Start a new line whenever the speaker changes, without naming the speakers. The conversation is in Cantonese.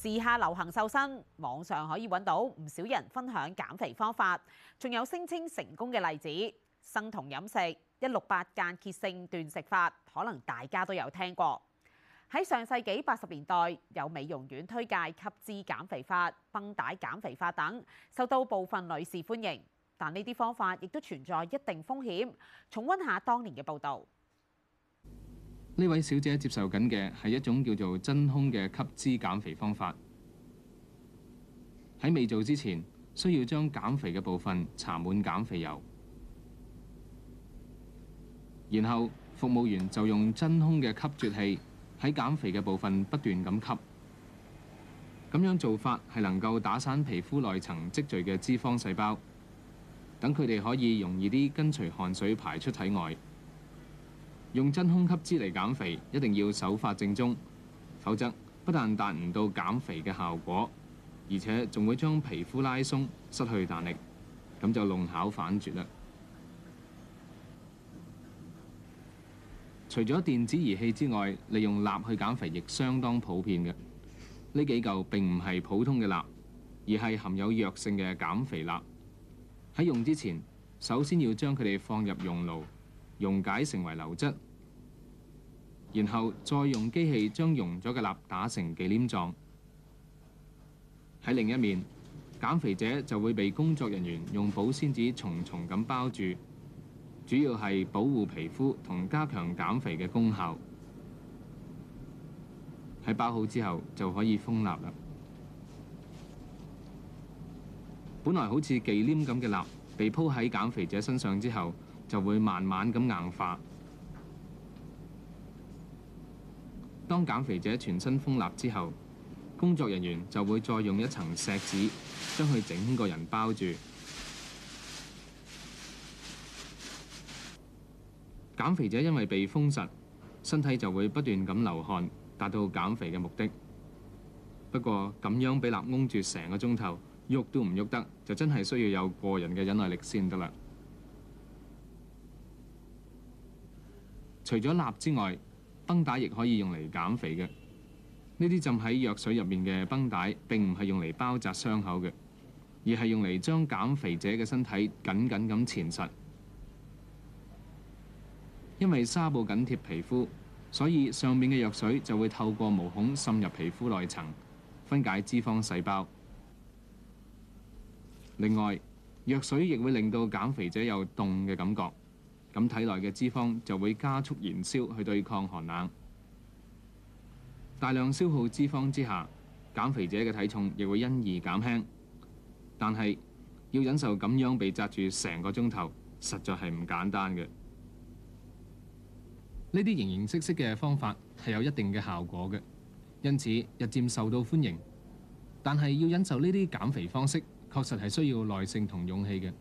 時下流行瘦身，網上可以揾到唔少人分享減肥方法，仲有聲稱成功嘅例子。生酮飲食、一六八間歇性斷食法，可能大家都有聽過。喺上世紀八十年代，有美容院推介吸脂減肥法、繃帶減肥法等，受到部分女士歡迎。但呢啲方法亦都存在一定風險。重溫下當年嘅報導。
呢位小姐接受緊嘅係一種叫做真空嘅吸脂減肥方法。喺未做之前，需要將減肥嘅部分搽滿減肥油，然後服務員就用真空嘅吸啜器喺減肥嘅部分不斷咁吸。咁樣做法係能夠打散皮膚內層積聚嘅脂肪細胞，等佢哋可以容易啲跟隨汗水排出體外。用真空吸脂嚟減肥，一定要手法正宗，否則不但達唔到減肥嘅效果，而且仲會將皮膚拉鬆，失去彈力，咁就弄巧反拙啦。除咗電子儀器之外，利用蠟去減肥亦相當普遍嘅。呢幾嚿並唔係普通嘅蠟，而係含有藥性嘅減肥蠟。喺用之前，首先要將佢哋放入熔爐。溶解成為流質，然後再用機器將溶咗嘅蠟打成忌廉狀。喺另一面，減肥者就會被工作人員用保鮮紙重重咁包住，主要係保護皮膚同加強減肥嘅功效。喺包好之後就可以封蠟啦。本來好似忌廉咁嘅蠟，被鋪喺減肥者身上之後，就會慢慢咁硬化。當減肥者全身封蠟之後，工作人員就會再用一層錫紙將佢整個人包住。減肥者因為被封實，身體就會不斷咁流汗，達到減肥嘅目的。不過咁樣俾蠟矇住成個鐘頭，喐都唔喐得，就真係需要有個人嘅忍耐力先得啦。除咗蠟之外，繃帶亦可以用嚟減肥嘅。呢啲浸喺藥水入面嘅繃帶並唔係用嚟包紮傷口嘅，而係用嚟將減肥者嘅身體緊緊咁纏實。因為紗布緊貼皮膚，所以上面嘅藥水就會透過毛孔滲入皮膚內層，分解脂肪細胞。另外，藥水亦會令到減肥者有凍嘅感覺。咁體內嘅脂肪就會加速燃燒去對抗寒冷，大量消耗脂肪之下，減肥者嘅體重亦會因而減輕。但係要忍受咁樣被紮住成個鐘頭，實在係唔簡單嘅。呢啲形形色色嘅方法係有一定嘅效果嘅，因此日漸受到歡迎。但係要忍受呢啲減肥方式，確實係需要耐性同勇氣嘅。